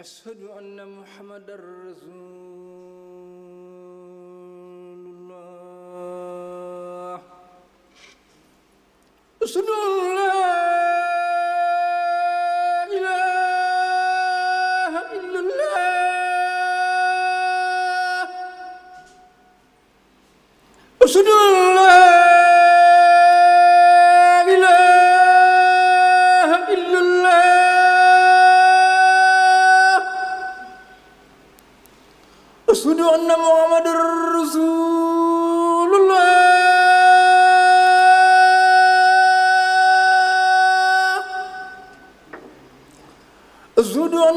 أشهد أن محمد رسول الله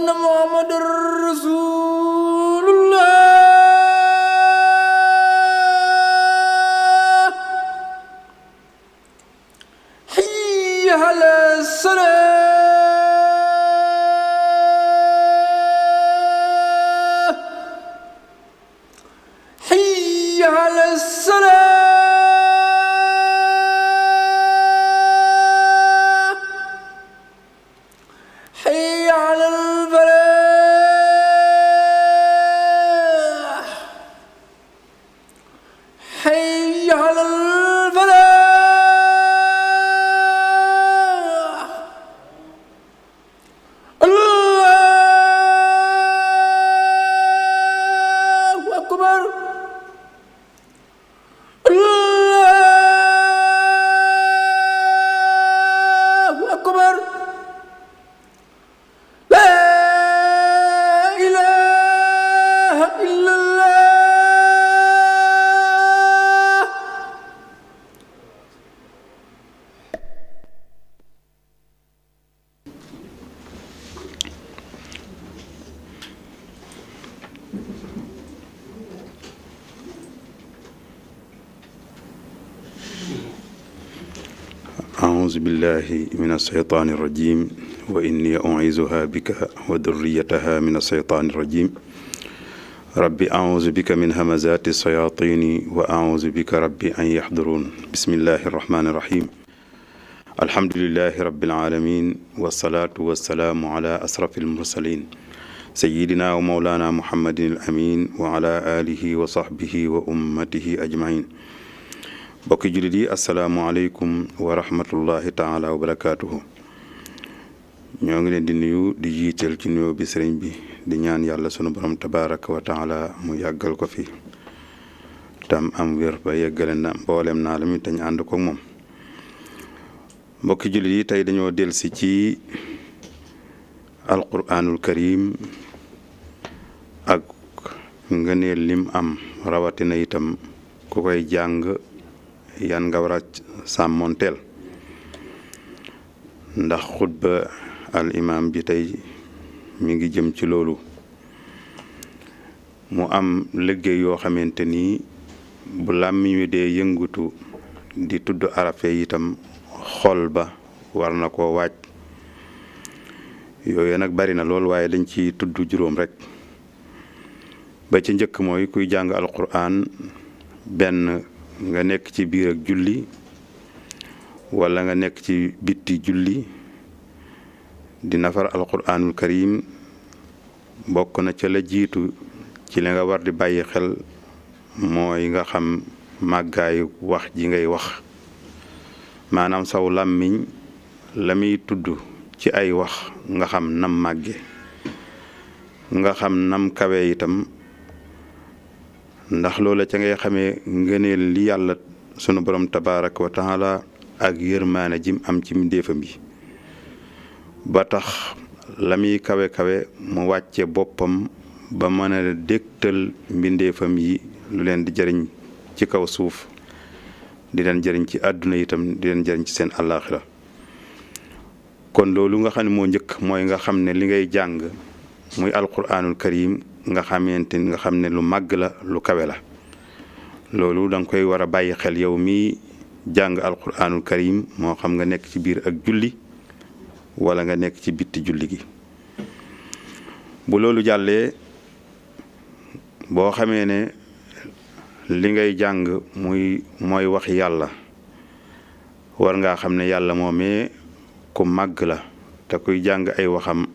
na Muhammadur إلا الله أعوذ بالله من الشيطان الرجيم وإني أعيذها بك وذريتها من الشيطان الرجيم rabbi auzu bika min hamazati sayatini wa auzu bika rabbi an yaxduruun bismillahi irrahmani irrahim alhamdulilahi rabbil alamin wasalaatu wasalaamu ala asrafi almursalin sayidina wa mawlana muhammadin al amin wa ala alihi wa sahbihi wa ummatihi ajmain bokki jullit yi asalaamualeykum wa rahmatullahi taala wa barakatuhu ñoo ngi leen di nuyu di jiital ci nuyoo bi sëriñ bi di ñaan yàlla sunu borom tabaraka wa taala mu yàggal ko fi tam am wér ba yeggale mboolem naa la mi tañ ànd ko moom mbokki jullit yi tey dañoo delsi ci alquranul karim ak ngëneel lim am rawatina itam ku koy jàng yan nga war a sàmmonteel ndax xutba al imam bi tey mi ngi jëm ci loolu mu am liggéey yoo xamante ni bu làmmiñ wi dee yëngutu di tudd arafe itam xool ba war na ko waaj yooyu nag bari na lool waaye dañ ci tudd juróom rek ba ci njëkk mooy kuy jàng alquran benn nga nekk ci biir ak julli wala nga nekk ci bitti julli di nafar alquranul karim bokk na ca la jiitu ci li nga war di bàyyi xel mooy nga xam màggaayu wax ji ngay wax maanaam saw làmmiñ la muy tudd ci ay wax nga xam nam màgge nga xam nam kawe itam ndax loola ca ngay xamee ngëneel li yàlla sunu borom tabaaraka wa taala ak yërmaane jim am ci defam yi ba tax la muy kawe kawe mu wàccee boppam ba mën a dégtal mbindeefam yi lu leen di jëriñ ci kaw suuf di leen jëriñ ci àdduna yitam di leen jëriñ ci seen àllaaxira kon loolu nga xam ne moo njëkk mooy nga xam ne li ngay jàng muy alquraanul karim nga xamante nga xam ne lu màgg la lu kawe la loolu danga koy war a bàyyi xel yow mi jàng alquraanul karim moo xam nga nekk ci biir ak julli wala nga nekk ci bitti julli gi bu loolu jàllee boo xamee ne li ngay jàng muy mooy wax yàlla war ngaa xam ne yàlla moomee ku màgg la te kuy jàng ay waxam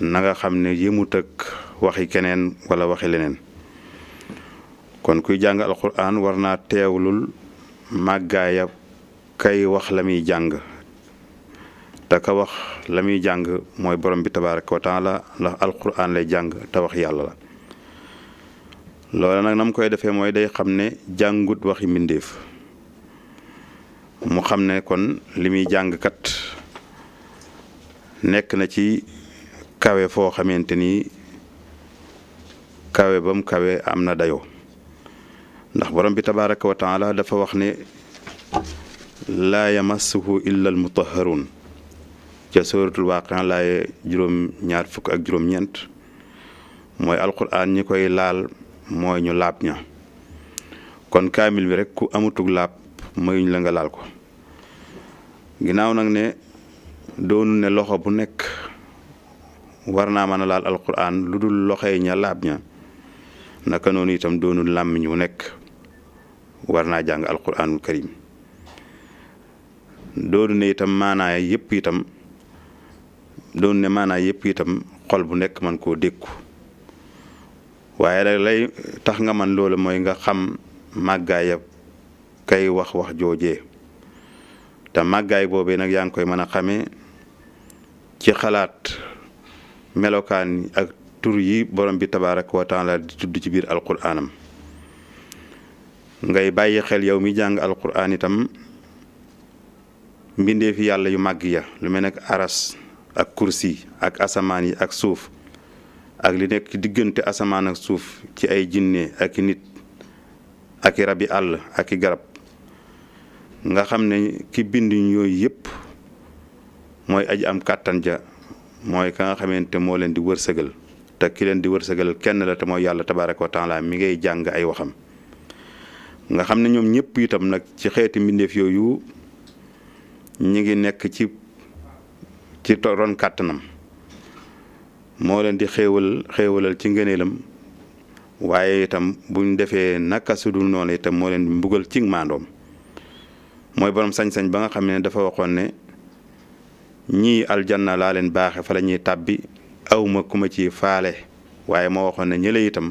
nanga xam ne mu ak waxi keneen wala waxi leneen kon kuy jàng alquran war naa teewlul màggaaya kay wax la muy jàng te wax la muy jàng mooy borom bi tabaraka wa taala ndax alquran lay jàng te wax yàlla la loola nag na mu koy defee mooy day xam ne jàngut waxi mbindéef mu xam ne kon li muy jàngkat nekk na ci kawe foo xamante ni kawe ba mu kawe am na dayoo ndax borom bi tabaraka wa dafa wax ne laa yamassuhu illa almutahharun ca sóoratul waaqia laaye juróom ñaar fukk ak juróom ñeent mooy alquran ñi koy laal mooy ñu laab ña kon kaamil bi rek ku amutug laab mayuñ la nga laal ko ginnaaw nag ne doonu ne loxo bu nekk war naa mën a laal alquran lu dul loxoy ña laab ña naka noonu itam doonu làmmiñ wu nekk war naa jàng alquranul karim doonu ne itam maanaaya yépp itam doon ne maanaa yëpp itam xol bu nekk man koo dékku waaye nag lay tax nga man loolu mooy nga xam màggaayab kay wax wax joojee te màggaay boobee nag yaa ngi koy mën a xamee ci xalaat melokaan ak tur yi borom bi tabaaraka wa di tudd ci biir alquraanam ngay bàyyi xel yow mi jàng alquraan itam mbindeefi yàlla yu màgg ya lu mel ne aras ak kursi ak asamaan yi ak suuf ak li nekk diggante asamaan ak suuf ci ay jinne ak nit ak i rabi àll ak i garab nga xam ne ki bind yooyu yépp mooy aji am kàttan ja mooy ka nga xamante moo leen di wërsëgal te ki leen di wërsëgal kenn la te mooy yàlla tabaaraka wa mi ngay jàng ay waxam nga xam ne ñoom ñëpp itam nag ci xeeti mbindeef yooyu ñi ngi nekk ci ci ron kàttanam moo leen di xéewal xéewalal ci ngëneelam waaye itam buñ defee naka sudul noonu itam moo leen di mbugal ci maandoom mooy boroom sañ-sañ ba nga xam ne dafa waxoon ne ñii aljanna laa leen baaxe fa la ñuy tàbbi awma ku ma ci faale waaye moo waxoon ne ñële itam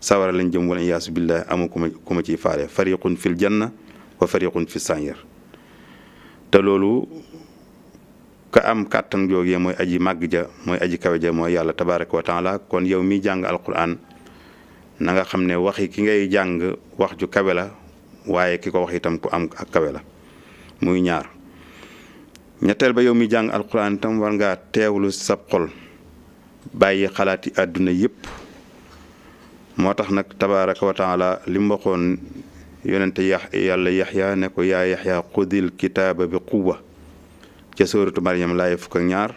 sawara lañ jëm wala iyaasu billah amu ku ma ku ma ciy faale fariqun fil janna wa fariqun fi sànir te loolu ka am kàttan joogee mooy aji màgg ja mooy aji kawe mooy yàlla tabaraka wa taala kon yow miy jàng alquran na nga xam ne waxi ki ngay jàng wax ju kawe la waaye ki ko wax itam ku am ak kawe la muy ñaar ñetteel ba yow mi jàng alquran itam war ngaa teewlu sab xol bàyyi xalaati àdduna yépp moo tax nag tabaraka wa li mu waxoon yàlla yaxya ne ko yaxya xudil kitaaba bi quwa ca sóoratu Maryam laay fukk ak ñaar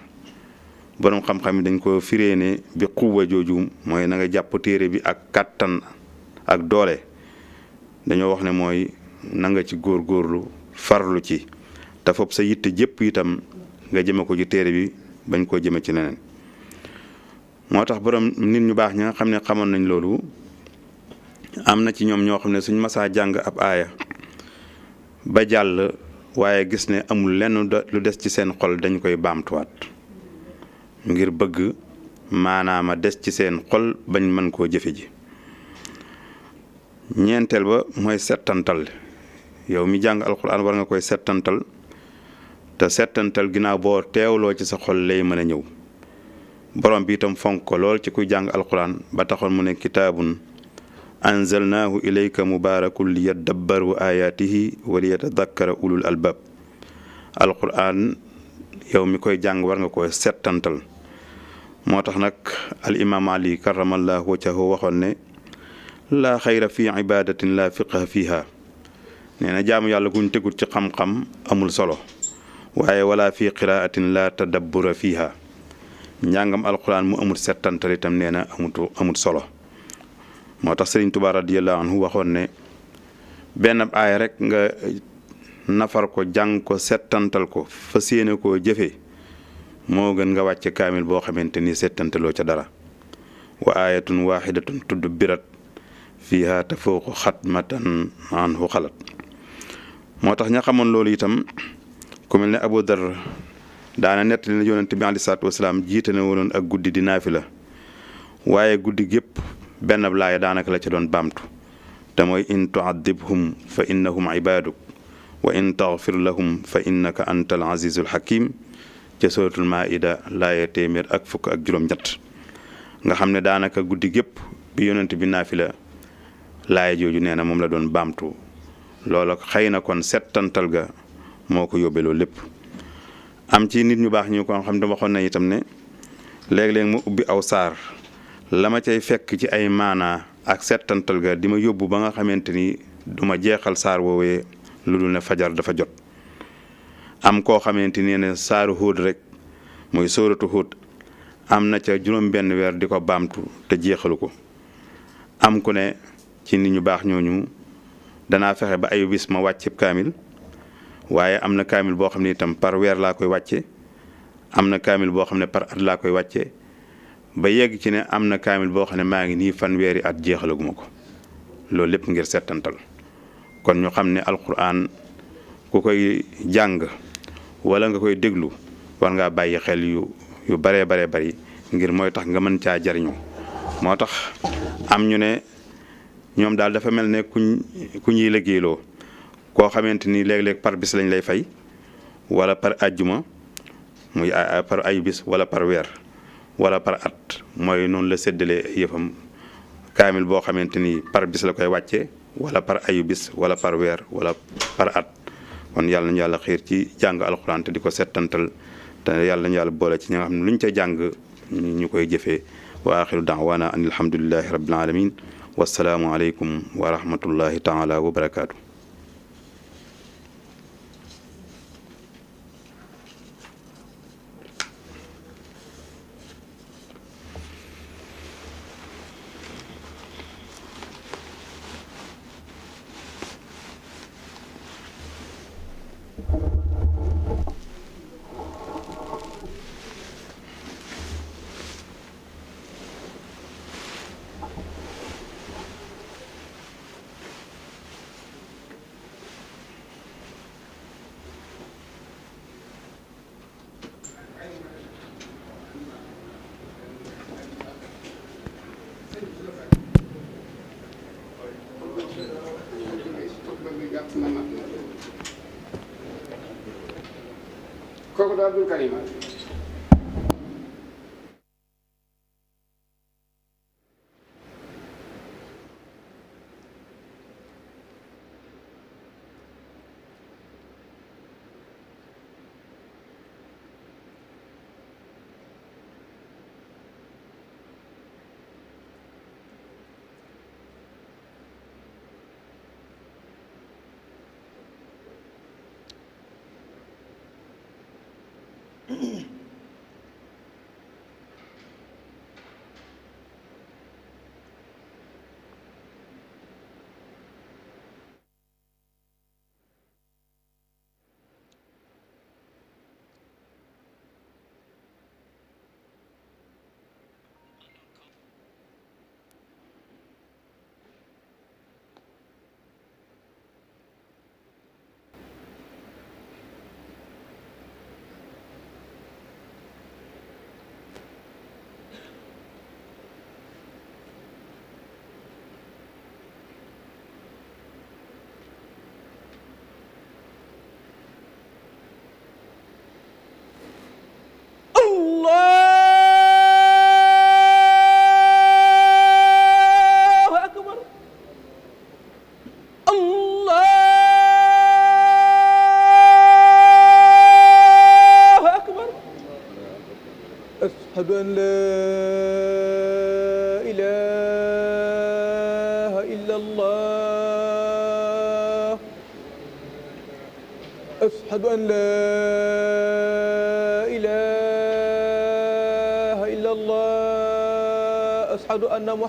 boroom xam-xam yi dañ ko firee ne bi xuwa jooju mooy na nga jàpp téere bi ak kàttan ak doole dañoo wax ne mooy na nga ci góorlu farlu ci te foofu sa yitte jëpp itam nga jëme ko ci téere bi bañ koo jëme ci leneen moo tax boroom nit ñu baax ñi xam ne xamoon nañu loolu am na ci ñoom ñoo xam ne suñ masaa jàng ab aaya ba jàll waaye gis ne amul lenn lu des ci seen xol dañ koy baamtuwaat ngir bëgg maanaam a des ci seen xol bañ mën koo jëfe ji ñeenteel ba mooy settantal yow mi jàng alxuraan war nga koy settantal te settantal ginnaaw boo teewloo ci sa xol lay mën a ñëw borom bi itam fonk ko lool ci kuy jàng alxuraan ba taxoon mu ne kitaabun anzalnaahu ilayka mubaarakun liyadabbaru ayaatihi wa liyatadakkara ulul albaab alquran yow mi koy jàng war nga koy settantal moo tax nag al imaam ali karamallahu wajhahu waxoon ne laa xayra fi ibadatin laa fiqha fiha nee na jaamu yàlla guñ tegut ci xam-xam amul solo waaye wala fi qiraatin laa tadabbura fiha njàngam alquran mu amul settantal itam nee na amut amul solo moo tax tubaar Tuubaa radiyallaahu anhu waxoon ne benn aay rek nga nafar ko jàng ko settantal ko fa yéene ko jëfee moo gën nga wàcce kaamil boo xamante ni settantaloo ca dara wa aayatun waaxidatun tudd birat fiihaa tafawqu xatmatan anhu xalat moo tax ña xamoon loolu itam ku mel ne Abu Dar daana nettali na yonent bi aleyhi salaatu wasalaam jiite na woon ak guddi di naafi la waaye guddi gépp benn ab laaya daanaka la ca doon baamtu te mooy in tuaddibhum fa innahum ibaaduk wa in taxfir lahum fa innaka anta al azizul hakim ca suratul ida laaya téeméer ak fukk ak juróom-ñett nga xam ne daanaka guddi gépp bi yonent bi naafila laaya jooju nee na moom la doon baamtu loola xëy na kon settantal ga moo ko yóbbee lépp am ci nit ñu baax ñu ko xam ne waxoon na itam ne léeg-léeg mu ubbi aw saar la ma cay fekk ci ay maanaa ak settantal ga di ma yóbbu ba nga xamante ni duma jeexal saar woowee lu dul ne fajar dafa jot am koo xamante ni ne saaru Huud rek muy sóoratu Huud am na ca juróom-benn weer di ko baamtu te jeexalu ko am ku ne ci nit ñu baax ñooñu danaa fexe ba ay bis ma wàcc kaamil waaye am na kaamil boo xam ne itam par weer laa koy wàcce am na kaamil boo xam ne par at laa koy wàcce ba yegg ci ne am na kaamil boo xam ne maa ngi nii fanweeri at jeexalaguma ko loolu lépp ngir settantal kon ñu xam ne alquran ku koy jàng wala nga koy déglu war ngaa bàyyi xel yu yu baree baree bari ngir mooy tax nga mën caa jariñu moo tax am ñu ne ñoom daal dafa mel ne kuñ ku ñuy liggéeyloo koo xamante ni léeg par bis lañ lay fay wala par ajjuma muy par ay bis wala par weer wala par at mooy noonu la séddalee ay yëfam kaamil boo xamante ni par bis la koy wàcce wala par ayu bis wala par weer wala par at kon yàlla nañu yàlla xiir ci jàng alxuraan te di ko settantal te yàlla nañu yàlla boole ci ñi nga xam ne lu ñu ca jàng ñu koy jëfee wa axiru daawaana an alhamdulillahi rabbil alamin wasalaamu aleykum wa rahmatullahi taala wa barakaatu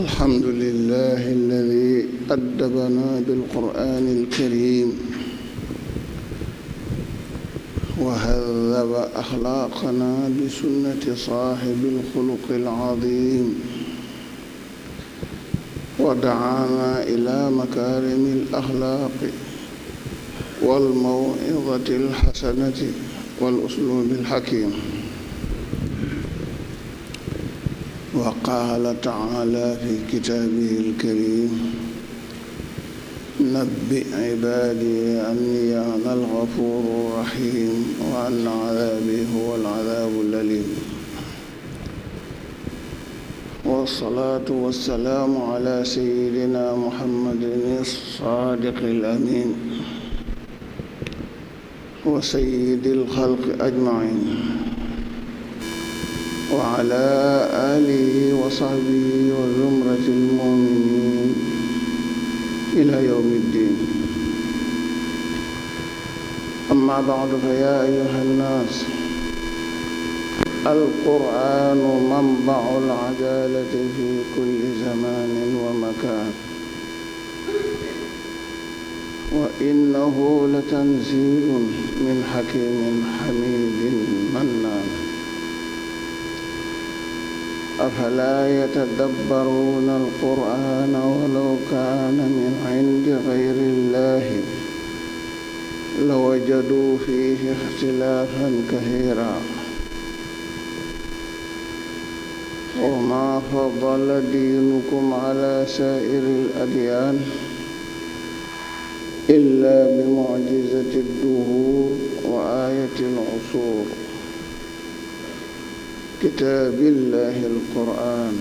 الحمد لله الذي أدبنا بالقرآن الكريم وهذب أخلاقنا بسنة صاحب الخلق العظيم ودعانا إلى مكارم الأخلاق والموعظة الحسنة والأسلوب الحكيم قال تعالى في كتابه الكريم نبئ عبادي أني أنا الغفور الرحيم وأن عذابي هو العذاب الأليم والصلاة والسلام على سيدنا محمد الصادق الأمين وسيد الخلق أجمعين وعلى آله وصحبه وزمرة المؤمنين إلى يوم الدين أما بعد فيا أيها الناس القرآن منبع العدالة في كل زمان ومكان وإنه لتنزيل من حكيم حميد منان أفلا يتدبرون القرآن ولو كان من عند غير الله لوجدوا فيه اختلافا كثيرا وما فضل دينكم على سائر الأديان إلا بمعجزة الدهور وآية العصور كتاب الله القرآن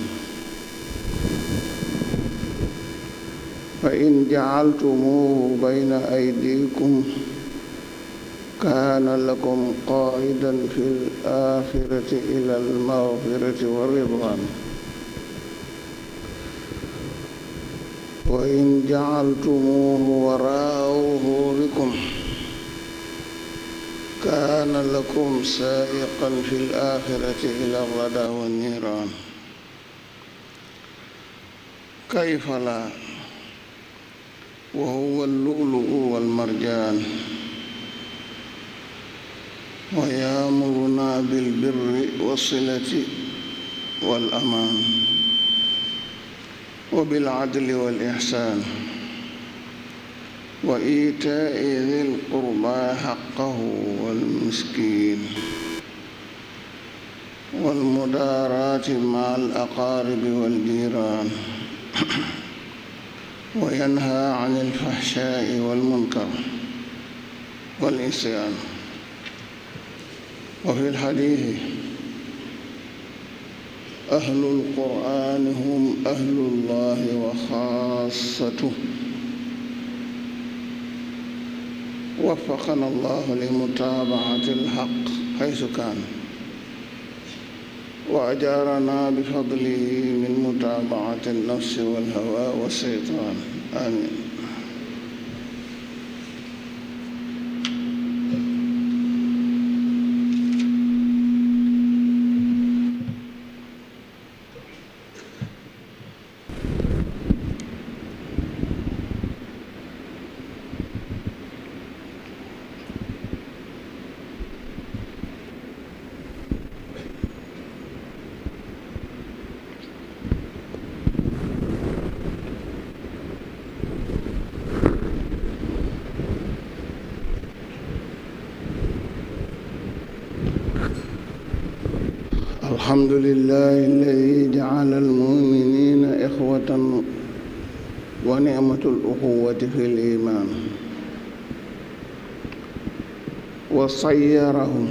فإن جعلتموه بين أيديكم كان لكم قائدا في الآخرة إلى المغفرة والرضوان وإن جعلتموه وراء ظهوركم kaana lakum saa'iqan fi l-aaxirati ilaa r-radaa wa n-niiraan kayfa laa wa huwa al-lu'lu'u wal marjaan wa ya'murunaa bil birri was-silati wal amaan wa bil adli wal ihsaan وإيتاء ذي القربى حقه والمسكين والمدارات مع الأقارب والجيران وينهى عن الفحشاء والمنكر والإسيان وفي الحديث أهل القرآن هم أهل الله وخاصته وفقنا الله لمتابعة الحق حيث كان وأجارنا بفضله من متابعة النفس والهوى والشيطان آمين الحمد لله الذي جعل المؤمنين إخوة ونعمة الأخوة في الإيمان وصيرهم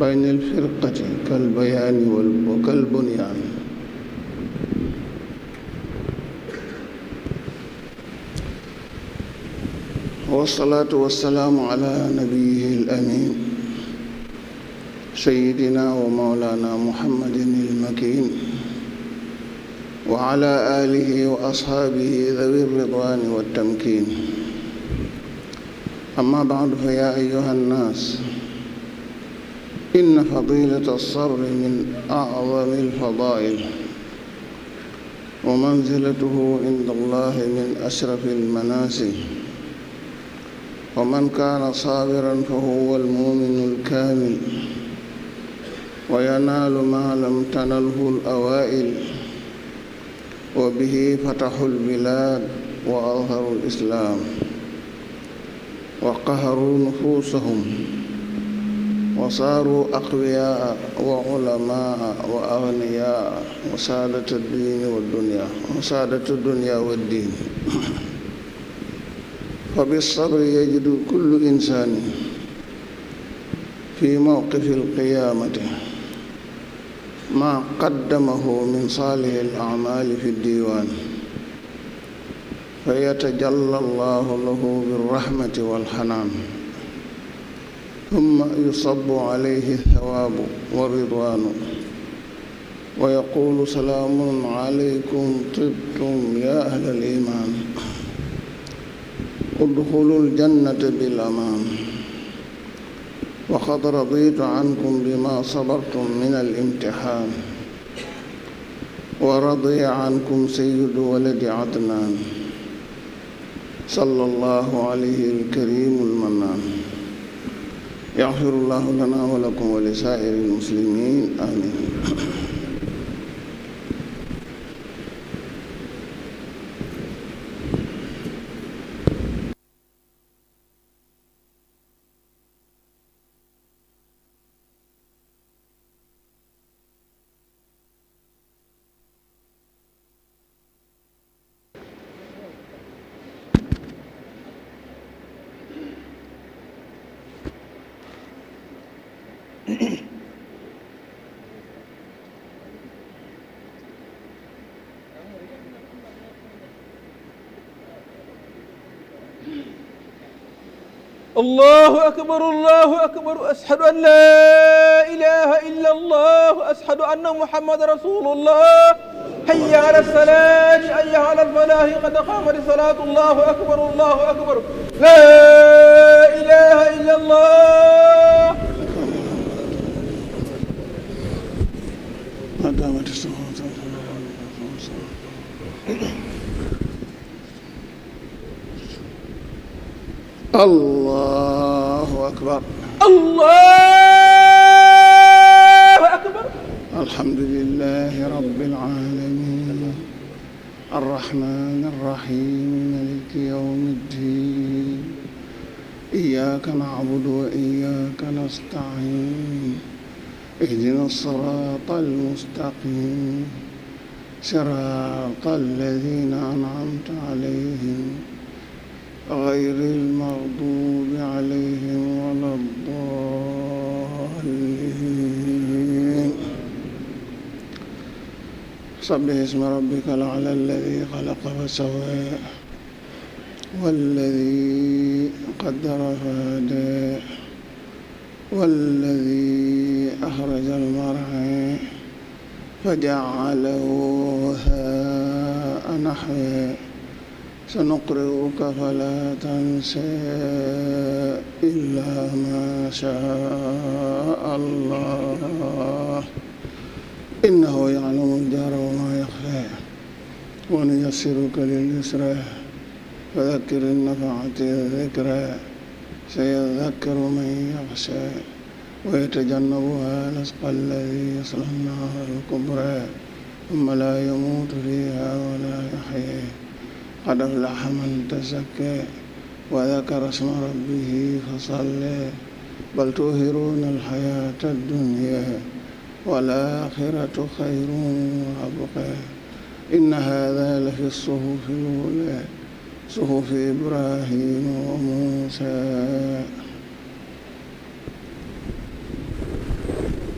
بين الفرقة كالبيان وكالبنيان والصلاة والسلام على نبيه الأمين سيدنا ومولانا محمد المكين وعلى آله وأصحابه ذوي الرضوان والتمكين أما بعد فيا أيها الناس إن فضيلة الصبر من أعظم الفضائل ومنزلته عند الله من أشرف المنازل ومن كان صابرا فهو المؤمن الكامل وينال ما لم تنله الأوائل وبه فتحوا البلاد وأظهروا الإسلام وقهروا نفوسهم وصاروا أقوياء وعلماء وأغنياء وسادة الدين والدنيا وسادة الدنيا والدين فبالصبر يجد كل إنسان في موقف القيامة ما قدمه من صالح الأعمال في الديوان فيتجلى الله له بالرحمة والحنان ثم يصب عليه الثواب والرضوان ويقول سلام عليكم طبتم يا أهل الإيمان ادخلوا الجنة بالأمان وقد رضيت عنكم بما صبرتم من الامتحان ورضي عنكم سيد ولد عدنان صلى الله عليه الكريم المنان يغفر الله لنا ولكم ولسائر المسلمين آمين allahu akbar allahu akbar ashhadu an laa ilaha illa allah ashhadu anna muhammad rasulullah hayya ala salaat hayya ala falaah qad qaamat salaat allahu akbar allahu akbar laa ilaha illa allah ma daamat e allahu akbar allahu akbar alhamdulilahi rabbil alamin arrahman arrahim maliki yawmi ddin iyyaka na'budu wa iyyaka nasta'in ihdina sirata almustaqim sirata alladhina an'amta alayhim غير المغضوب عليهم ولا الضالين سبح اسم ربك الأعلى الذي خلق فسوى والذي قدر فهدى والذي أخرج المرعى فجعله هاء نحوه سنقرئك فلا تنسى إلا ما شاء الله إنه يعلم الجهر وما يخفى ونيسرك لليسرى فذكر النفعة الذكرى سيذكر من يخشى ويتجنبها الأشقى الذي يصلى النار الكبرى ثم لا يموت فيها ولا يحيى قد أفلح من تزكى وذكر اسم ربه فصلى بل تؤثرون الحياة الدنيا والآخرة خير وأبقى إن هذا لفي الصحف الأولى صحف إبراهيم وموسى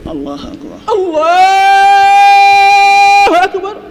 الله أكبر الله أكبر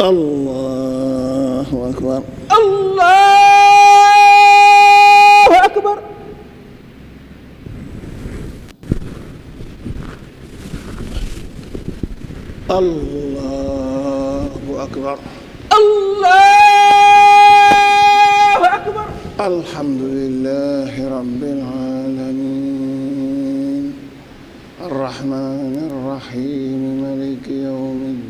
allahu akbar allahu akbar allahu akbar allahu akbar alhamdulillahi rabbil alamin arrahmani arrahim maliki yawmi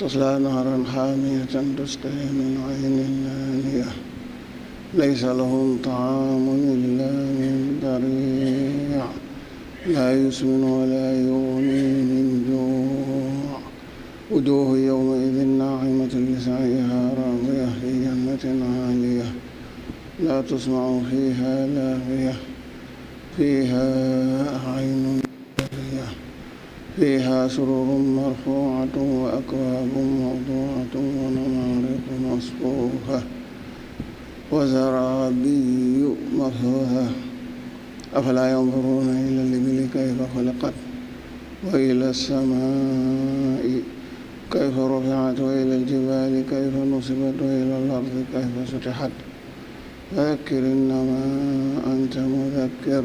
تصلى نارا حامية تسقي من عين آنية ليس لهم طعام إلا من ضريع لا يسمن ولا يغني من جوع وجوه يومئذ ناعمة لسعيها راضية في جنة عالية لا تسمع فيها لاغية فيها فيها سرور مرفوعة وأكواب موضوعة ونمارق مصفوفة وزرابي مصفوفة أفلا ينظرون إلى الإبل كيف خلقت وإلى السماء كيف رفعت وإلى الجبال كيف نصبت وإلى الأرض كيف سطحت فذكر إنما أنت مذكر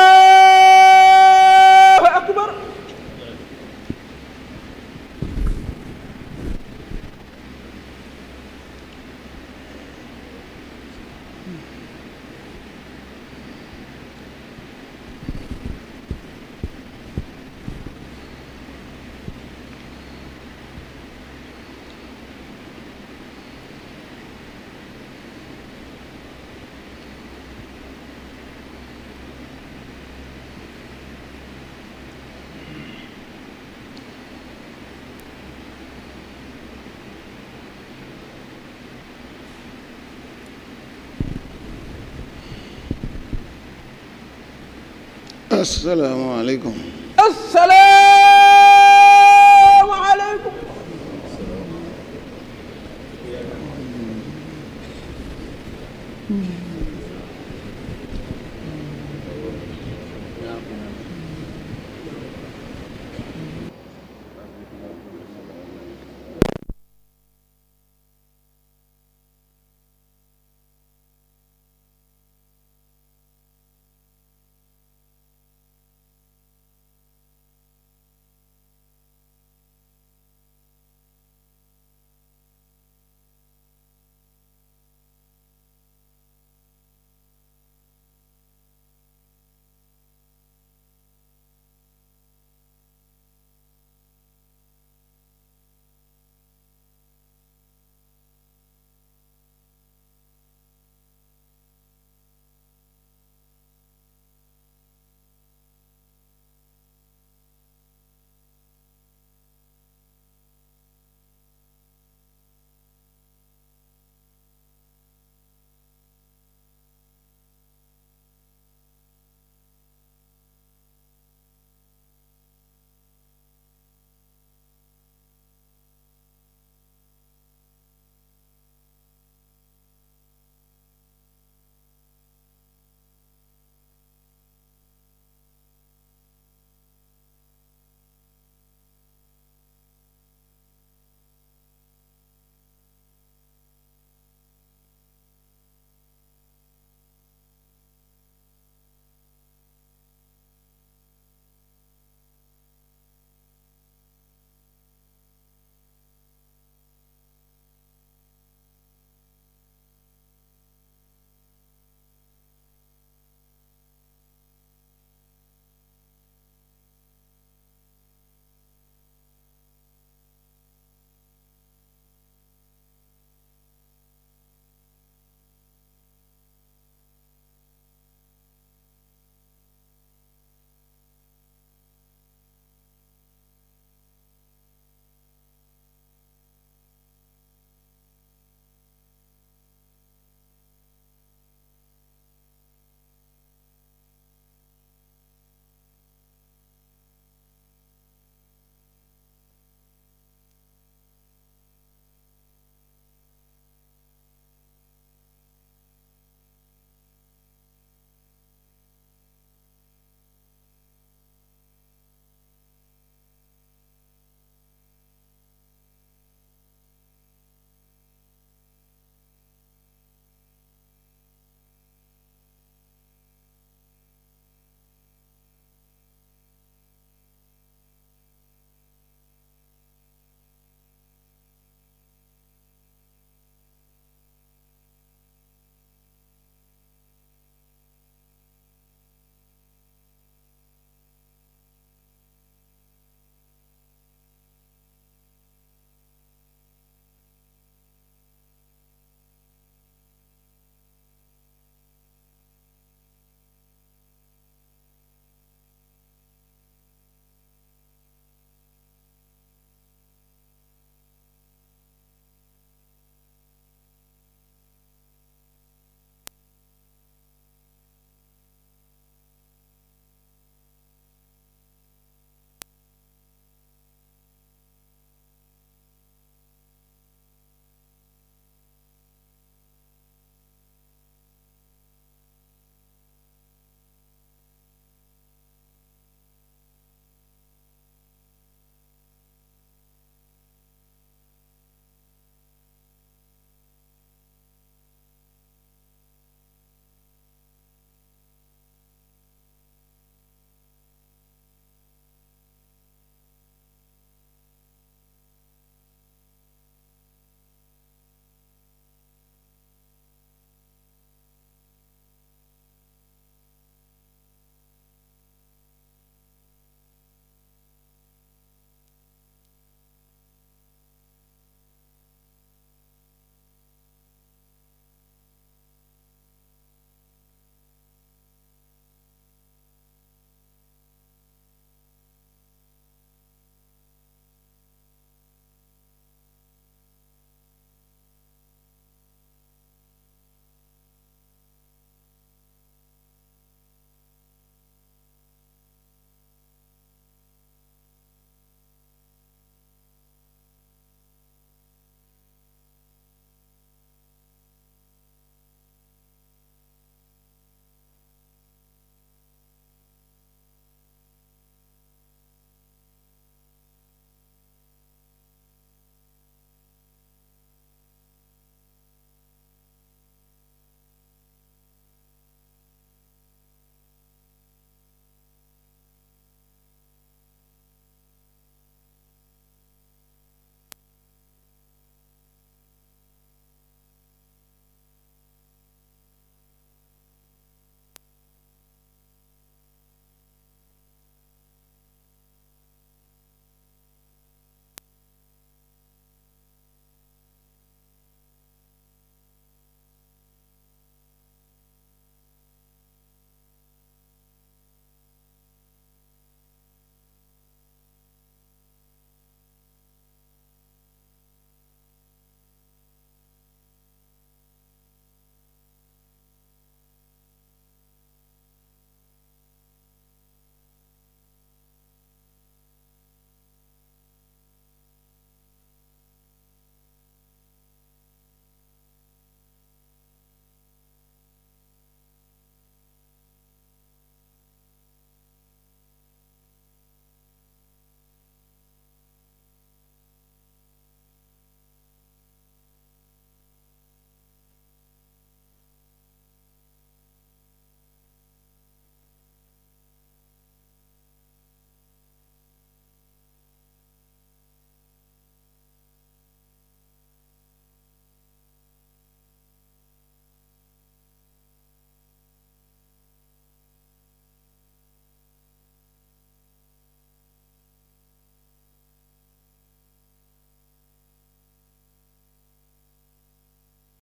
asalaamaaleykum. asalaamaaleykum.